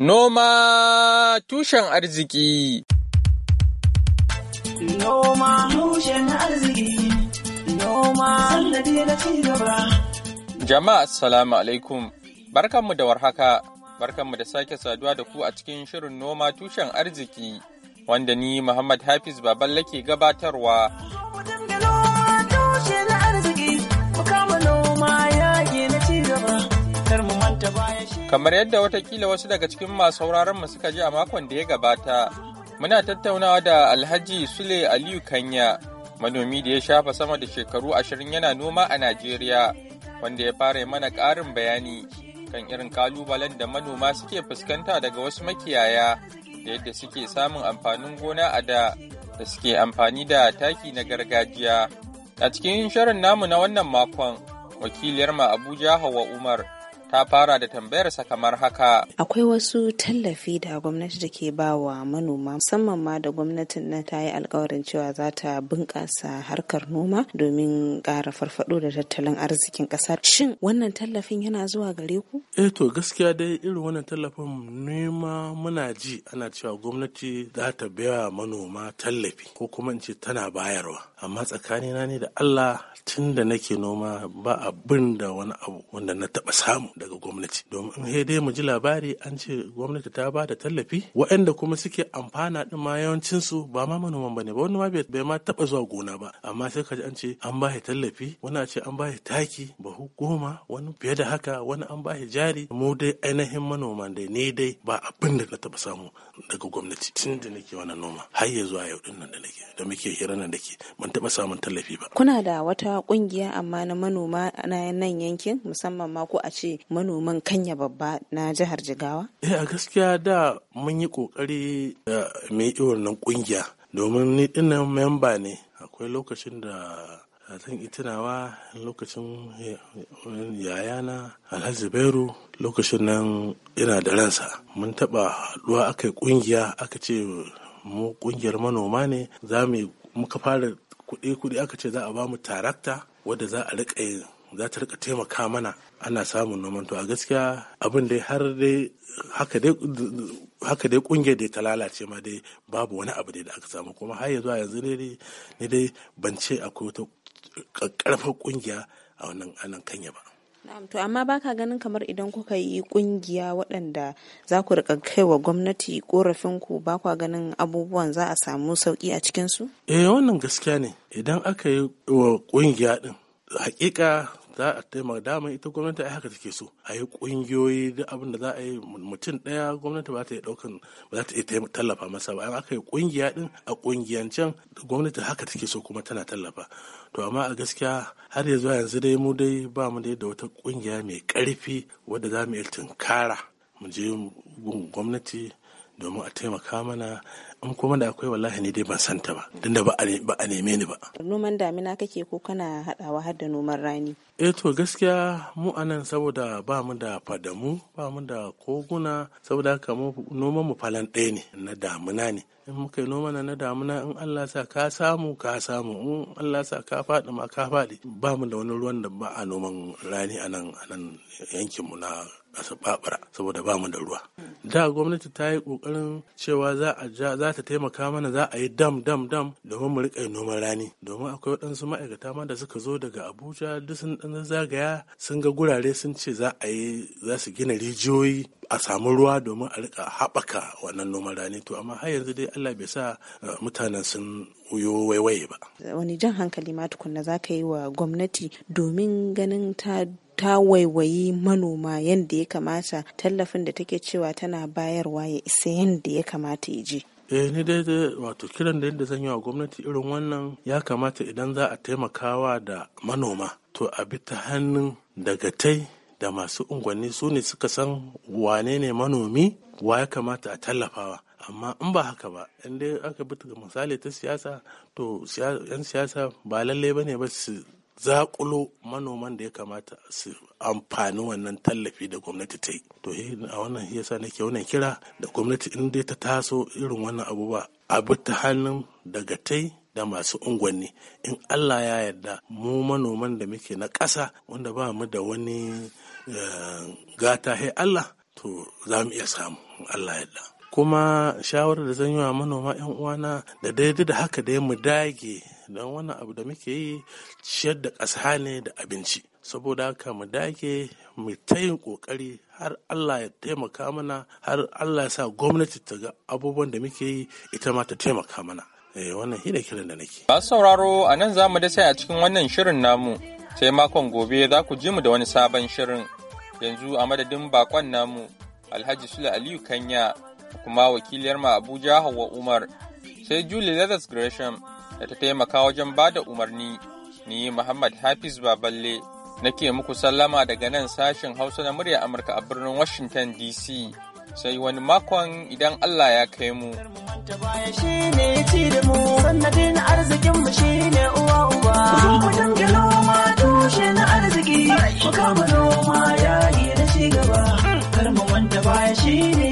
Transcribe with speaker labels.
Speaker 1: Noma tushen arziki. Jama'a assalamu alaikum. Barkanmu da warhaka. Barkanmu da sake saduwa da ku a cikin shirin noma tushen arziki wanda ni Muhammad Hafiz Baballe ke gabatarwa. Kamar yadda watakila wasu daga cikin masu mu suka ji a makon da ya gabata, muna tattaunawa da Alhaji Sule Aliyu Kanya, manomi da ya shafa sama da shekaru ashirin yana noma a Najeriya, wanda ya fara mana ƙarin bayani kan irin kalubalen da manoma suke fuskanta daga wasu makiyaya da yadda suke samun amfanin gona a da da suke amfani da taki na gargajiya. A cikin shirin namu na wannan makon, wakiliyar ma Abuja Hawa Umar. ta fara da tambayarsa kamar haka.
Speaker 2: Akwai wasu tallafi da gwamnati da ke ba wa manoma musamman ma da gwamnatin na ta yi alkawarin cewa za ta bunƙasa harkar noma domin ƙara farfaɗo da tattalin arzikin ƙasar. Shin wannan tallafin yana zuwa gare ku?
Speaker 3: Eh to gaskiya dai irin wannan tallafin nema muna ji ana cewa gwamnati za ta biya manoma tallafi ko kuma in ce tana bayarwa amma tsakanina ne da Allah tun da nake noma ba abin da wani abu wanda na taɓa samu daga gwamnati domin sai dai mu ji labari an ce gwamnati ta ba da tallafi waɗanda kuma suke amfana din ma yawancin su ba ma manoman bane ba wani ma bai ma taba zuwa gona ba amma sai ka ji an ce an ba tallafi wani a ce an ba taki bahu goma wani fiye da haka wani an ba jari mu dai ainihin manoma dai ne dai ba abin da na taba samu daga gwamnati tun da nake wani noma har ya zuwa yau din nan da nake da muke hira nan da ke ban taba samun tallafi ba
Speaker 2: kuna da wata ƙungiya amma na manoma na nan yankin musamman ma ko a ce manoman kanya babba na jihar jigawa
Speaker 3: eh a gaskiya da mun yi kokari da mai wannan kungiya domin ni ina memba ne akwai lokacin da eh, zan itinawa lokacin eh, yayana alhaji beru lokacin nan ina da ransa mun taɓa haɗuwa aka yi ƙungiya aka ce mu kungiyar manoma ne za mu muka fara kuɗi-kuɗi aka ce za a ba mu tarakta wadda za a riƙa za ta rika taimaka mana ana samun noman to a gaskiya abin dai har dai haka dai haka dai kungiyar da ta lalace ma dai babu wani abu da aka samu kuma har yanzu a yanzu ne ne dai ban ce akwai wata karfar kungiya a wannan anan kanya ba
Speaker 2: to amma baka ganin kamar idan kuka yi kungiya waɗanda za ku rika kaiwa gwamnati korafin ku ba kwa ganin abubuwan za a samu sauki a cikin su
Speaker 3: eh wannan gaskiya ne idan aka yi wa kungiya din hakika za a taimaka damar ita gwamnati a haka take so a yi kungiyoyi da abin da za a yi mutum daya gwamnati ba ta iya daukan ba za ta iya tallafa masa ba an aka yi kungiya din a kungiyancen gwamnati haka take so kuma tana tallafa to amma a gaskiya har ya zuwa yanzu dai mu dai ba mu dai da wata kungiya mai karfi wadda za mu iya tunkara mu je gwamnati domin a taimaka mana in kuma da akwai wallahi ne dai ban santa ba don da ba a neme ni ba.
Speaker 2: Noman damina kake ko kana haɗawa har da noman rani?
Speaker 3: Eh to gaskiya mu anan saboda ba mu da fadamu ba mu da koguna saboda haka noman mu falan ɗaya ne na damina ne. In muka yi noman na damina in Allah sa ka samu ka samu in Allah sa ka faɗi ma ka faɗi ba mu da wani ruwan da ba a noman rani anan anan yankinmu na a babara saboda ba mu da ruwa da gwamnati ta yi ƙoƙarin cewa za a ja za ta taimaka mana za a yi dam dam dam domin mu riƙa noman rani domin akwai waɗansu ma'aikata ma da suka zo daga Abuja duk sun ɗan zagaya sun ga gurare sun ce za a yi za su gina rijiyoyi a samu ruwa domin a rika haɓaka wannan noman rani to amma har yanzu dai Allah bai sa eh, mutanen sun wuyo waiwaye ba.
Speaker 2: Wani jan hankali ma tukunna za ka yi wa gwamnati domin ganin ta ta waiwayi manoma yadda ya kamata tallafin da take cewa tana bayarwa ya isa yadda ya kamata ya je.
Speaker 3: eh ni dai dai wato kiran da yadda zan yi wa gwamnati irin wannan ya kamata idan za a taimakawa da manoma to a bi ta hannun dagatai da masu unguwanni su ne suka san wane ne manomi wa ya kamata a tallafawa amma in ba haka ba in aka bi misali ta siyasa to 'yan siyasa ba lallai ba ne ba su zakulo manoman da ya kamata su amfani wannan tallafi da gwamnati ta yi to a wannan yasa nake wannan kira da gwamnati in dai ta taso irin wannan abubuwa a bi ta hannun daga tai da masu unguwanni in allah ya yarda mu manoman da muke na ƙasa wanda ba mu da wani eh, gata hai allah to za mu iya samu allah yarda kuma shawarar da zan yi wa manoma 'yan uwana da daidai da haka da mu dage don wannan abu da muke yi ciyar da ƙasa ne da abinci saboda haka mu dake mu ta yin ƙoƙari har Allah ya taimaka mana har Allah ya sa gwamnati ta ga abubuwan da muke yi ita ma ta taimaka mana eh, wannan hida kiran da
Speaker 1: nake. Masu sauraro a nan za mu dasa sai a cikin wannan shirin namu sai makon gobe za ku ji mu da wani sabon shirin yanzu a madadin bakon namu Alhaji Sule Aliyu Kanya kuma wakiliyar mu Abuja Hauwa Umar sai Julie Leathers Gresham da ta taimaka wajen ba da umarni ni Muhammad Hafiz Baballe nake muku sallama daga nan sashen Hausa na murya Amurka a birnin Washington DC sai wani makon idan Allah ya kai mu.
Speaker 2: Shi ne